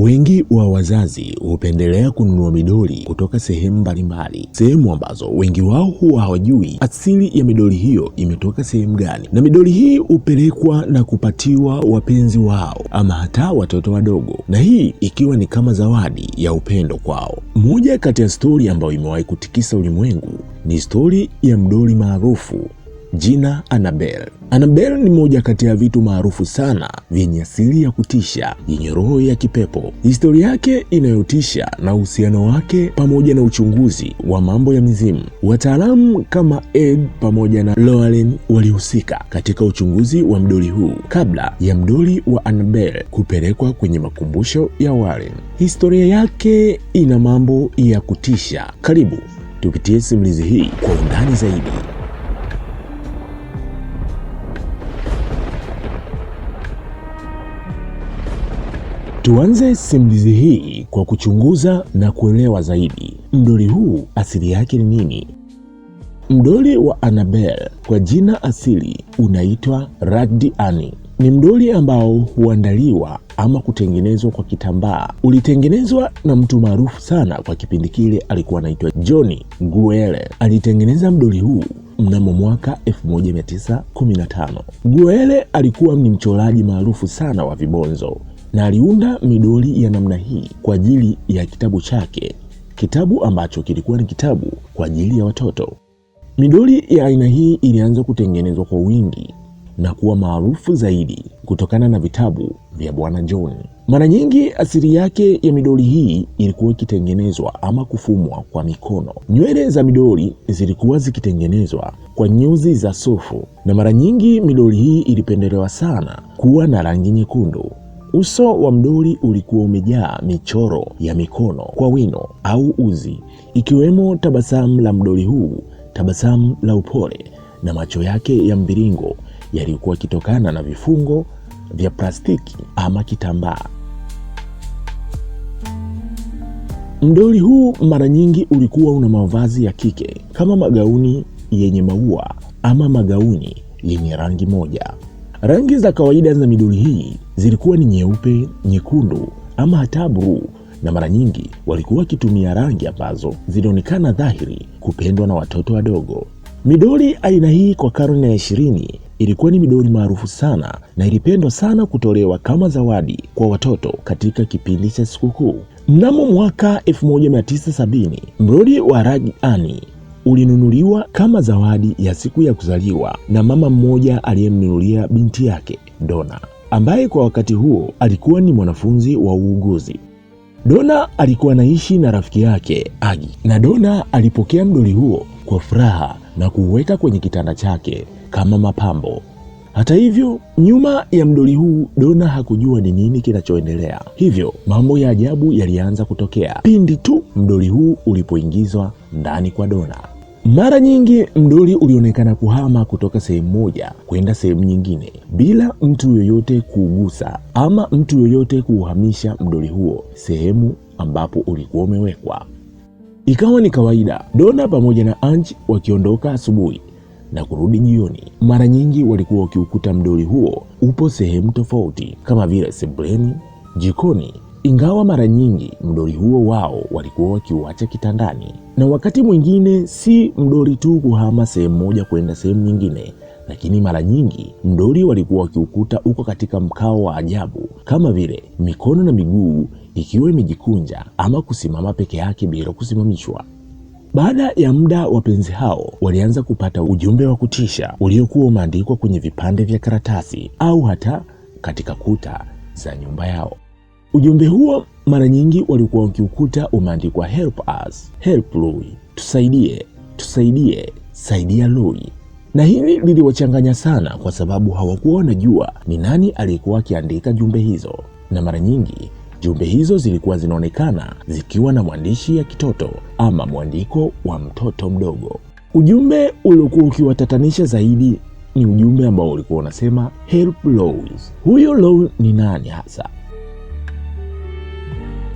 Wengi wa wazazi hupendelea kununua midoli kutoka sehemu mbalimbali, sehemu ambazo wengi wao huwa hawajui asili ya midoli hiyo imetoka sehemu gani, na midoli hii hupelekwa na kupatiwa wapenzi wao ama hata watoto wadogo, na hii ikiwa ni kama zawadi ya upendo kwao. Moja kati ya stori ambayo imewahi kutikisa ulimwengu ni stori ya mdoli maarufu Jina Annabel. Annabel ni moja kati ya vitu maarufu sana vyenye asili ya kutisha yenye roho ya kipepo, historia yake inayotisha na uhusiano wake pamoja na uchunguzi wa mambo ya mizimu. Wataalamu kama Ed pamoja na Lauren walihusika katika uchunguzi wa mdoli huu kabla ya mdoli wa Annabel kupelekwa kwenye makumbusho ya Warren. Historia yake ina mambo ya kutisha. Karibu tupitie simulizi hii kwa undani zaidi. Tuanze simulizi hii kwa kuchunguza na kuelewa zaidi mdoli huu asili yake ni nini. Mdoli wa Annabel kwa jina asili unaitwa Radi Ann. Ni mdoli ambao huandaliwa ama kutengenezwa kwa kitambaa. Ulitengenezwa na mtu maarufu sana kwa kipindi kile, alikuwa anaitwa Johnny Guele. Alitengeneza mdoli huu mnamo mwaka 1915. Guele alikuwa ni mchoraji maarufu sana wa vibonzo na aliunda midoli ya namna hii kwa ajili ya kitabu chake, kitabu ambacho kilikuwa ni kitabu kwa ajili ya watoto. Midoli ya aina hii ilianza kutengenezwa kwa wingi na kuwa maarufu zaidi kutokana na vitabu vya Bwana John. Mara nyingi asili yake ya midoli hii ilikuwa ikitengenezwa ama kufumwa kwa mikono. Nywele za midoli zilikuwa zikitengenezwa kwa nyuzi za sufu, na mara nyingi midoli hii ilipendelewa sana kuwa na rangi nyekundu. Uso wa mdoli ulikuwa umejaa michoro ya mikono kwa wino au uzi, ikiwemo tabasamu la mdoli huu, tabasamu la upole na macho yake ya mviringo yaliyokuwa kitokana na vifungo vya plastiki ama kitambaa. Mdoli huu mara nyingi ulikuwa una mavazi ya kike kama magauni yenye maua ama magauni yenye rangi moja. Rangi za kawaida za midoli hii zilikuwa ni nyeupe, nyekundu ama hata bluu, na mara nyingi walikuwa wakitumia rangi ambazo zilionekana dhahiri kupendwa na watoto wadogo. Midoli aina hii kwa karne ya ishirini ilikuwa ni midoli maarufu sana na ilipendwa sana kutolewa kama zawadi kwa watoto katika kipindi cha sikukuu. Mnamo mwaka 1970 mrodi wa rag ani ulinunuliwa kama zawadi ya siku ya kuzaliwa na mama mmoja aliyemnunulia binti yake Dona, ambaye kwa wakati huo alikuwa ni mwanafunzi wa uuguzi. Dona alikuwa anaishi na rafiki yake Agi, na Dona alipokea mdoli huo kwa furaha na kuuweka kwenye kitanda chake kama mapambo. Hata hivyo, nyuma ya mdoli huu Dona hakujua ni nini kinachoendelea, hivyo mambo ya ajabu yalianza kutokea pindi tu mdoli huu ulipoingizwa ndani kwa Dona. Mara nyingi mdoli ulionekana kuhama kutoka sehemu moja kwenda sehemu nyingine bila mtu yoyote kuugusa ama mtu yoyote kuuhamisha mdoli huo sehemu ambapo ulikuwa umewekwa. Ikawa ni kawaida Dona pamoja na Anji wakiondoka asubuhi na kurudi jioni. Mara nyingi walikuwa wakiukuta mdoli huo upo sehemu tofauti kama vile sebuleni, jikoni, ingawa mara nyingi mdoli huo wao walikuwa wakiuacha kitandani. Na wakati mwingine si mdoli tu kuhama sehemu moja kwenda sehemu nyingine lakini mara nyingi mdoli walikuwa wakiukuta uko katika mkao wa ajabu, kama vile mikono na miguu ikiwa imejikunja ama kusimama peke yake bila kusimamishwa. Baada ya muda, wapenzi hao walianza kupata ujumbe wa kutisha uliokuwa umeandikwa kwenye vipande vya karatasi au hata katika kuta za nyumba yao. Ujumbe huo mara nyingi walikuwa wakiukuta umeandikwa help us, help Lui, tusaidie, tusaidie, saidia Lui. Na hili liliwachanganya sana, kwa sababu hawakuwa wanajua ni nani aliyekuwa akiandika jumbe hizo, na mara nyingi Jumbe hizo zilikuwa zinaonekana zikiwa na mwandishi ya kitoto ama mwandiko wa mtoto mdogo. Ujumbe uliokuwa ukiwatatanisha zaidi ni ujumbe ambao ulikuwa unasema help Rose. Huyo Low ni nani hasa?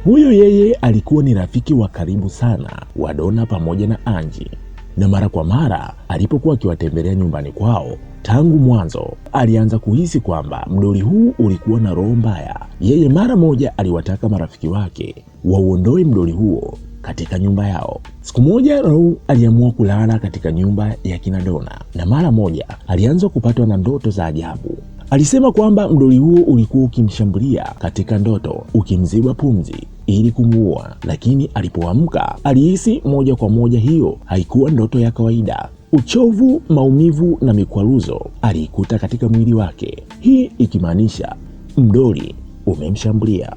Huyo yeye alikuwa ni rafiki wa karibu sana wa Donna pamoja na Angie, na mara kwa mara alipokuwa akiwatembelea nyumbani kwao Tangu mwanzo alianza kuhisi kwamba mdoli huu ulikuwa na roho mbaya. Yeye mara moja aliwataka marafiki wake wauondoe mdoli huo katika nyumba yao. Siku moja Raul aliamua kulala katika nyumba ya kina Dona na mara moja alianza kupatwa na ndoto za ajabu. Alisema kwamba mdoli huo ulikuwa ukimshambulia katika ndoto, ukimziba pumzi ili kumuua, lakini alipoamka alihisi moja kwa moja hiyo haikuwa ndoto ya kawaida. Uchovu, maumivu na mikwaruzo aliikuta katika mwili wake, hii ikimaanisha mdoli umemshambulia.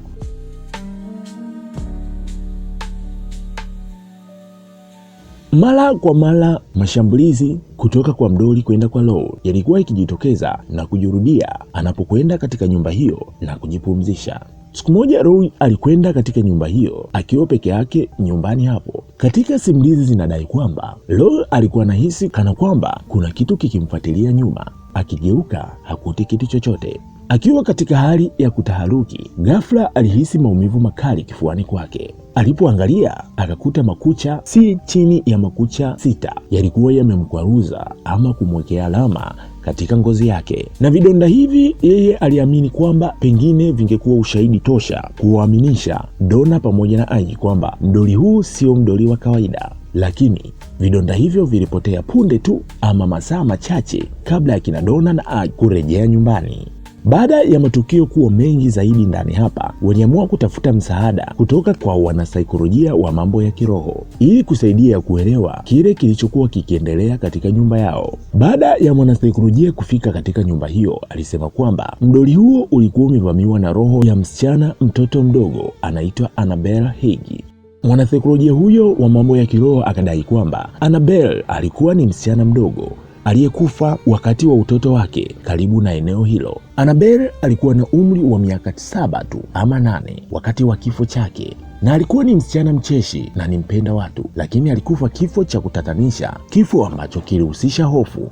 Mara kwa mara mashambulizi kutoka kwa mdoli kwenda kwa Low yalikuwa ikijitokeza na kujurudia anapokwenda katika nyumba hiyo na kujipumzisha. Siku moja Roy alikwenda katika nyumba hiyo akiwa peke yake nyumbani hapo. Katika simulizi zinadai kwamba Roy alikuwa anahisi kana kwamba kuna kitu kikimfuatilia nyuma, akigeuka hakuti kitu chochote. Akiwa katika hali ya kutaharuki, ghafla alihisi maumivu makali kifuani kwake. Alipoangalia akakuta makucha si chini ya makucha sita yalikuwa yamemkwaruza ama kumwekea alama katika ngozi yake, na vidonda hivi yeye aliamini kwamba pengine vingekuwa ushahidi tosha kuwaaminisha Donna pamoja na Angie kwamba mdoli huu sio mdoli wa kawaida lakini vidonda hivyo vilipotea punde tu ama masaa machache kabla ya kina Donna na Angie kurejea nyumbani. Baada ya matukio kuwa mengi zaidi ndani hapa, waliamua kutafuta msaada kutoka kwa wanasaikolojia wa mambo ya kiroho ili kusaidia kuelewa kile kilichokuwa kikiendelea katika nyumba yao. Baada ya mwanasaikolojia kufika katika nyumba hiyo, alisema kwamba mdoli huo ulikuwa umevamiwa na roho ya msichana, mtoto mdogo anaitwa anabel Hegi. Mwanasaikolojia huyo wa mambo ya kiroho akadai kwamba anabel alikuwa ni msichana mdogo aliyekufa wakati wa utoto wake karibu na eneo hilo. Annabel alikuwa na umri wa miaka saba tu ama nane wakati wa kifo chake na alikuwa ni msichana mcheshi na ni mpenda watu, lakini alikufa kifo cha kutatanisha, kifo ambacho kilihusisha hofu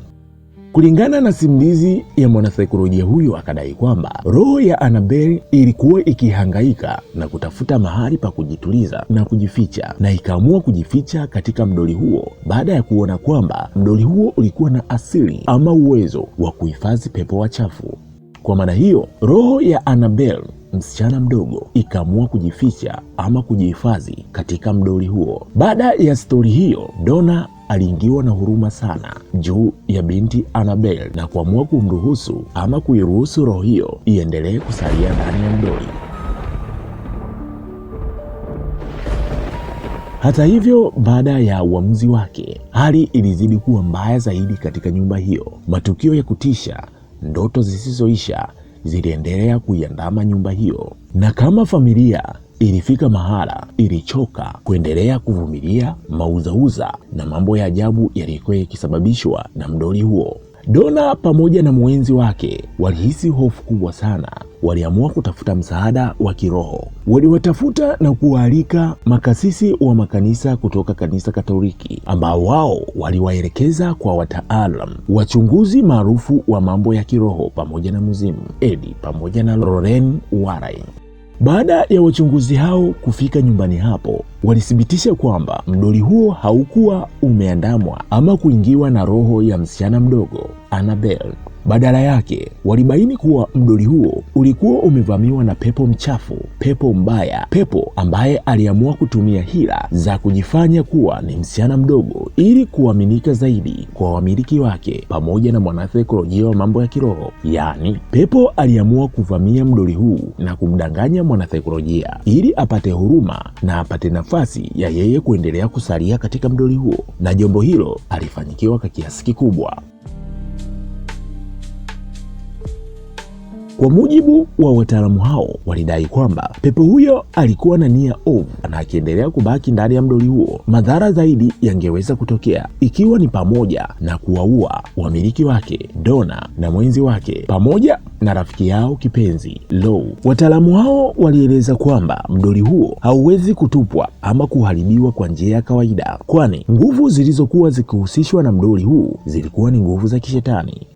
Kulingana na simulizi ya mwanasaikolojia huyo, akadai kwamba roho ya Annabel ilikuwa ikihangaika na kutafuta mahali pa kujituliza na kujificha, na ikaamua kujificha katika mdoli huo baada ya kuona kwamba mdoli huo ulikuwa na asili ama uwezo wa kuhifadhi pepo wachafu. Kwa maana hiyo, roho ya Annabel msichana mdogo ikaamua kujificha ama kujihifadhi katika mdoli huo. Baada ya stori hiyo, Donna aliingiwa na huruma sana juu ya binti anabel na kuamua kumruhusu ama kuiruhusu roho hiyo iendelee kusalia ndani ya mdoli. Hata hivyo, baada ya uamuzi wake, hali ilizidi kuwa mbaya zaidi katika nyumba hiyo. Matukio ya kutisha, ndoto zisizoisha ziliendelea kuiandama nyumba hiyo, na kama familia Ilifika mahala ilichoka kuendelea kuvumilia mauzauza na mambo ya ajabu yaliyokuwa yakisababishwa na mdoli huo. Dona pamoja na mwenzi wake walihisi hofu kubwa sana. Waliamua kutafuta msaada wa kiroho. Waliwatafuta na kuwaalika makasisi wa makanisa kutoka kanisa Katoliki, ambao wao waliwaelekeza kwa wataalam wachunguzi maarufu wa mambo ya kiroho pamoja na muzimu Edi pamoja na Lorraine Warai. Baada ya wachunguzi hao kufika nyumbani hapo, walithibitisha kwamba mdoli huo haukuwa umeandamwa ama kuingiwa na roho ya msichana mdogo Annabel. Badala yake walibaini kuwa mdoli huo ulikuwa umevamiwa na pepo mchafu, pepo mbaya, pepo ambaye aliamua kutumia hila za kujifanya kuwa ni msichana mdogo ili kuaminika zaidi kwa wamiliki wake pamoja na mwanathekolojia wa mambo ya kiroho. Yaani, pepo aliamua kuvamia mdoli huu na kumdanganya mwanathekolojia ili apate huruma na apate nafasi ya yeye kuendelea kusalia katika mdoli huo, na jambo hilo alifanyikiwa kwa kiasi kikubwa. Kwa mujibu wa wataalamu hao, walidai kwamba pepo huyo alikuwa na nia ovu na akiendelea kubaki ndani ya mdoli huo, madhara zaidi yangeweza kutokea, ikiwa ni pamoja na kuwaua wamiliki wake Donna na mwenzi wake pamoja na rafiki yao kipenzi lo Wataalamu hao walieleza kwamba mdoli huo hauwezi kutupwa ama kuharibiwa kwa njia ya kawaida, kwani nguvu zilizokuwa zikihusishwa na mdoli huu zilikuwa ni nguvu za kishetani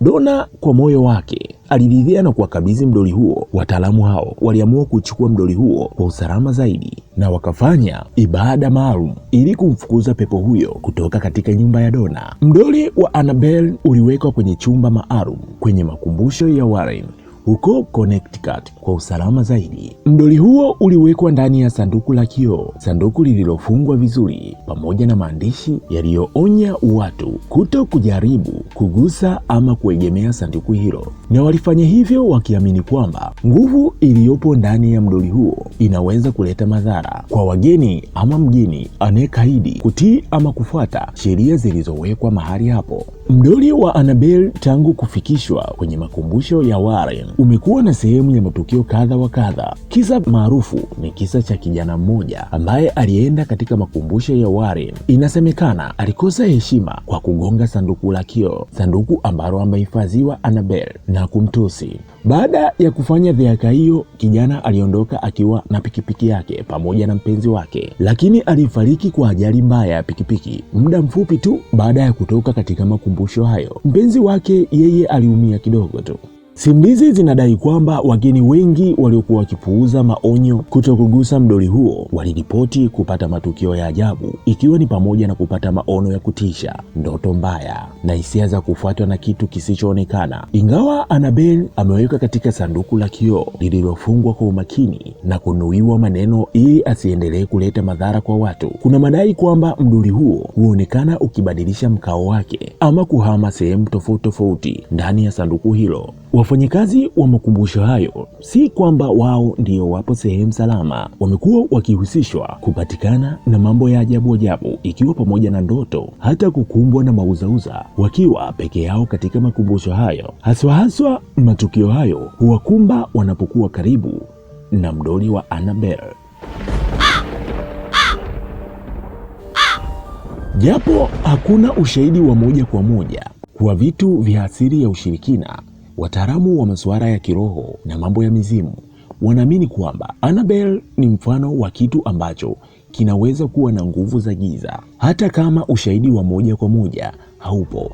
Dona kwa moyo wake aliridhia na kuwakabidhi mdoli huo. Wataalamu hao waliamua kuchukua mdoli huo kwa usalama zaidi na wakafanya ibada maalum ili kumfukuza pepo huyo kutoka katika nyumba ya Dona. Mdoli wa Annabel uliwekwa kwenye chumba maalum kwenye makumbusho ya Warren huko Connecticut kwa usalama zaidi. Mdoli huo uliwekwa ndani ya sanduku la kioo, sanduku lililofungwa vizuri, pamoja na maandishi yaliyoonya watu kuto kujaribu kugusa ama kuegemea sanduku hilo, na walifanya hivyo wakiamini kwamba nguvu iliyopo ndani ya mdoli huo inaweza kuleta madhara kwa wageni ama mgeni anayekaidi kutii ama kufuata sheria zilizowekwa mahali hapo. Mdoli wa Annabel tangu kufikishwa kwenye makumbusho ya Warren umekuwa na sehemu ya matukio kadha wa kadha. Kisa maarufu ni kisa cha kijana mmoja ambaye alienda katika makumbusho ya Warren. Inasemekana alikosa heshima kwa kugonga sanduku la kioo, sanduku ambalo amehifadhiwa Annabel na kumtusi. Baada ya kufanya dhiaka hiyo, kijana aliondoka akiwa na pikipiki yake pamoja na mpenzi wake, lakini alifariki kwa ajali mbaya ya pikipiki muda mfupi tu baada ya kutoka katika makumbusho makumbusho hayo. Mpenzi wake yeye aliumia kidogo tu, simlizi zinadai kwamba wageni wengi waliokuwa wakipuuza maonyo kuto kugusa mdoli huo waliripoti kupata matukio ya ajabu, ikiwa ni pamoja na kupata maono ya kutisha, ndoto mbaya na hisia za kufuatwa na kitu kisichoonekana. Ingawa Annabel ameweka katika sanduku la kioo lililofungwa kwa umakini na kunuiwa maneno ili asiendelee kuleta madhara kwa watu, kuna madai kwamba mdoli huo huonekana ukibadilisha mkao wake ama kuhama sehemu tofauti tofauti ndani ya sanduku hilo. Wafanyakazi wa makumbusho hayo si kwamba wao ndio wapo sehemu salama, wamekuwa wakihusishwa kupatikana na mambo ya ajabu ajabu, ikiwa pamoja na ndoto, hata kukumbwa na mauzauza wakiwa peke yao katika makumbusho hayo. Haswa haswa matukio hayo huwakumba wanapokuwa karibu na mdoli wa Annabelle. Japo hakuna ushahidi wa moja kwa moja kwa vitu vya asili ya ushirikina Wataalamu wa masuala ya kiroho na mambo ya mizimu wanaamini kwamba anabel ni mfano wa kitu ambacho kinaweza kuwa na nguvu za giza hata kama ushahidi wa moja kwa moja haupo.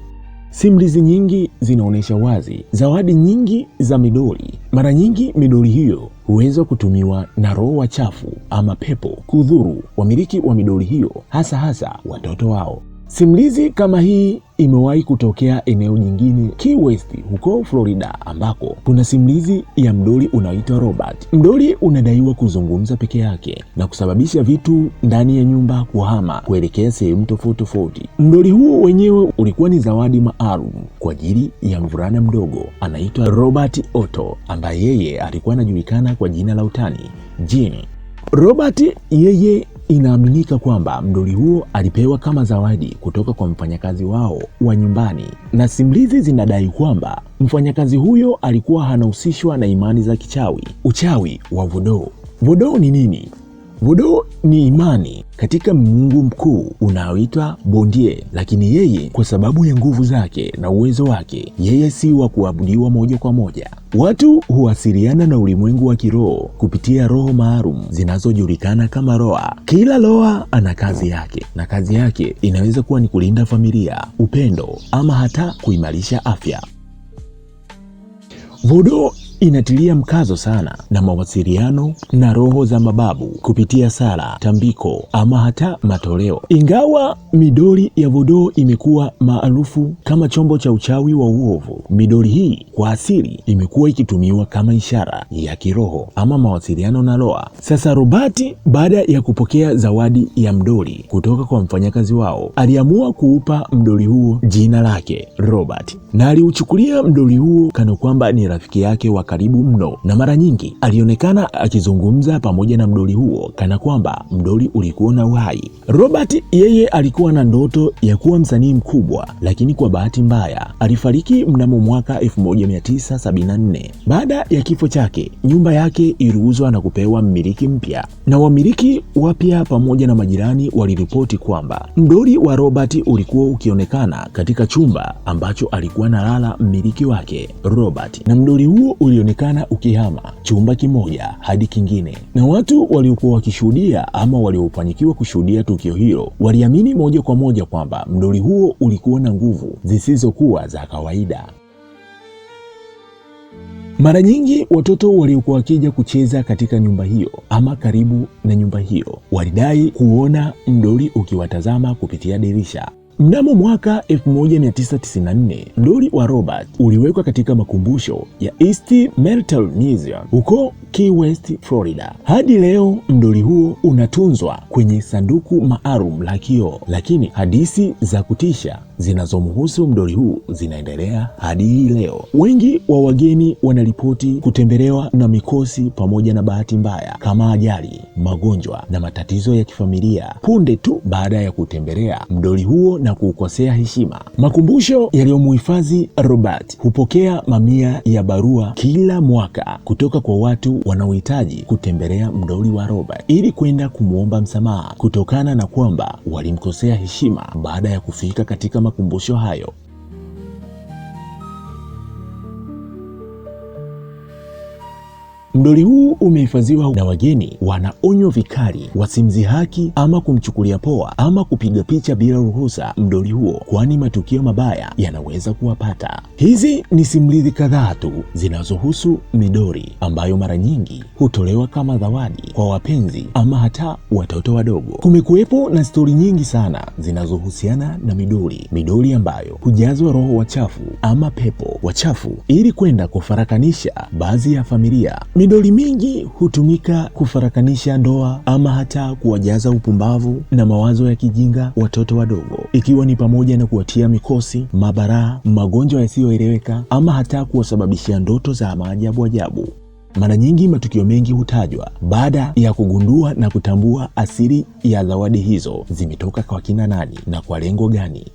Simulizi nyingi zinaonyesha wazi zawadi nyingi za midoli. Mara nyingi midoli hiyo huweza kutumiwa na roho wachafu ama pepo kudhuru wamiliki wa midoli hiyo, hasa hasa watoto wao. Simulizi kama hii imewahi kutokea eneo nyingine Key West huko Florida, ambako kuna simulizi ya mdoli unaoitwa Robert. Mdoli unadaiwa kuzungumza peke yake na kusababisha vitu ndani ya nyumba kuhama kuelekea sehemu tofauti tofauti. Mdoli huo wenyewe ulikuwa ni zawadi maalum kwa ajili ya mvulana mdogo anaitwa Robert Otto, ambaye yeye alikuwa anajulikana kwa jina la utani Jini. Robert yeye Inaaminika kwamba mdoli huo alipewa kama zawadi kutoka kwa mfanyakazi wao wa nyumbani, na simulizi zinadai kwamba mfanyakazi huyo alikuwa anahusishwa na imani za kichawi, uchawi wa vodoo. Vodoo ni nini? Vodo ni imani katika Mungu mkuu unaoitwa bondie, lakini yeye kwa sababu ya nguvu zake na uwezo wake, yeye si wa kuabudiwa moja kwa moja. Watu huwasiliana na ulimwengu wa kiroho kupitia roho maalum zinazojulikana kama roa. Kila roa ana kazi yake, na kazi yake inaweza kuwa ni kulinda familia, upendo, ama hata kuimarisha afya. Vudu inatilia mkazo sana na mawasiliano na roho za mababu kupitia sala, tambiko ama hata matoleo. Ingawa midoli ya vodoo imekuwa maarufu kama chombo cha uchawi wa uovu, midoli hii kwa asili imekuwa ikitumiwa kama ishara ya kiroho ama mawasiliano na roho. Sasa robati baada ya kupokea zawadi ya mdoli kutoka kwa mfanyakazi wao, aliamua kuupa mdoli huo jina lake Robert, na aliuchukulia mdoli huo kana kwamba ni rafiki yake wa karibu mno, na mara nyingi alionekana akizungumza pamoja na mdoli huo kana kwamba mdoli ulikuwa na uhai. Robert yeye alikuwa na ndoto ya kuwa msanii mkubwa, lakini kwa bahati mbaya alifariki mnamo mwaka 1974. Baada ya kifo chake, nyumba yake iliuzwa na kupewa mmiliki mpya, na wamiliki wapya pamoja na majirani waliripoti kwamba mdoli wa Robert ulikuwa ukionekana katika chumba ambacho alikuwa analala mmiliki wake Robert, na mdoli huo ulionekana ukihama chumba kimoja hadi kingine, na watu waliokuwa wakishuhudia ama waliofanyikiwa kushuhudia tukio hilo waliamini moja kwa moja kwamba mdoli huo ulikuwa na nguvu zisizokuwa za kawaida. Mara nyingi watoto waliokuwa wakija kucheza katika nyumba hiyo ama karibu na nyumba hiyo walidai kuona mdoli ukiwatazama kupitia dirisha. Mnamo mwaka 1994 mdoli wa Robert uliwekwa katika makumbusho ya East Metal Museum huko Key West, Florida. Hadi leo mdoli huo unatunzwa kwenye sanduku maalum la kioo, lakini hadithi za kutisha zinazomhusu mdoli huu zinaendelea hadi hii leo. Wengi wa wageni wanaripoti kutembelewa na mikosi pamoja na bahati mbaya kama ajali, magonjwa na matatizo ya kifamilia punde tu baada ya kutembelea mdoli huo na kuukosea heshima. Makumbusho yaliyomhifadhi Robert hupokea mamia ya barua kila mwaka kutoka kwa watu wanaohitaji kutembelea mdoli wa Robert ili kwenda kumwomba msamaha kutokana na kwamba walimkosea heshima baada ya kufika katika makumbusho hayo Mdoli huu umehifadhiwa na wageni wanaonywa vikali wasimdhihaki ama kumchukulia poa ama kupiga picha bila ruhusa mdoli huo, kwani matukio mabaya yanaweza kuwapata. Hizi ni simulizi kadhaa tu zinazohusu midori ambayo mara nyingi hutolewa kama zawadi kwa wapenzi ama hata watoto wadogo. Kumekuwepo na stori nyingi sana zinazohusiana na midori, midori ambayo hujazwa roho wachafu ama pepo wachafu ili kwenda kufarakanisha baadhi ya familia. Midoli mingi hutumika kufarakanisha ndoa ama hata kuwajaza upumbavu na mawazo ya kijinga watoto wadogo, ikiwa ni pamoja na kuwatia mikosi, mabaraa, magonjwa yasiyoeleweka ama hata kuwasababishia ndoto za maajabu ajabu. Mara nyingi matukio mengi hutajwa baada ya kugundua na kutambua asili ya zawadi hizo zimetoka kwa kina nani na kwa lengo gani.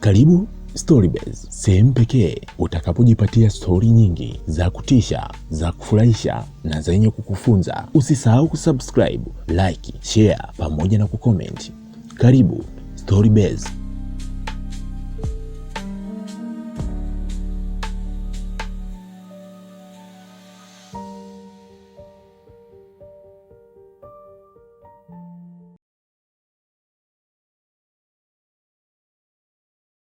Karibu Storybase, sehemu pekee utakapojipatia stori nyingi za kutisha, za kufurahisha na zenye kukufunza. Usisahau kusubscribe, like, share pamoja na kucomment. Karibu Storybase.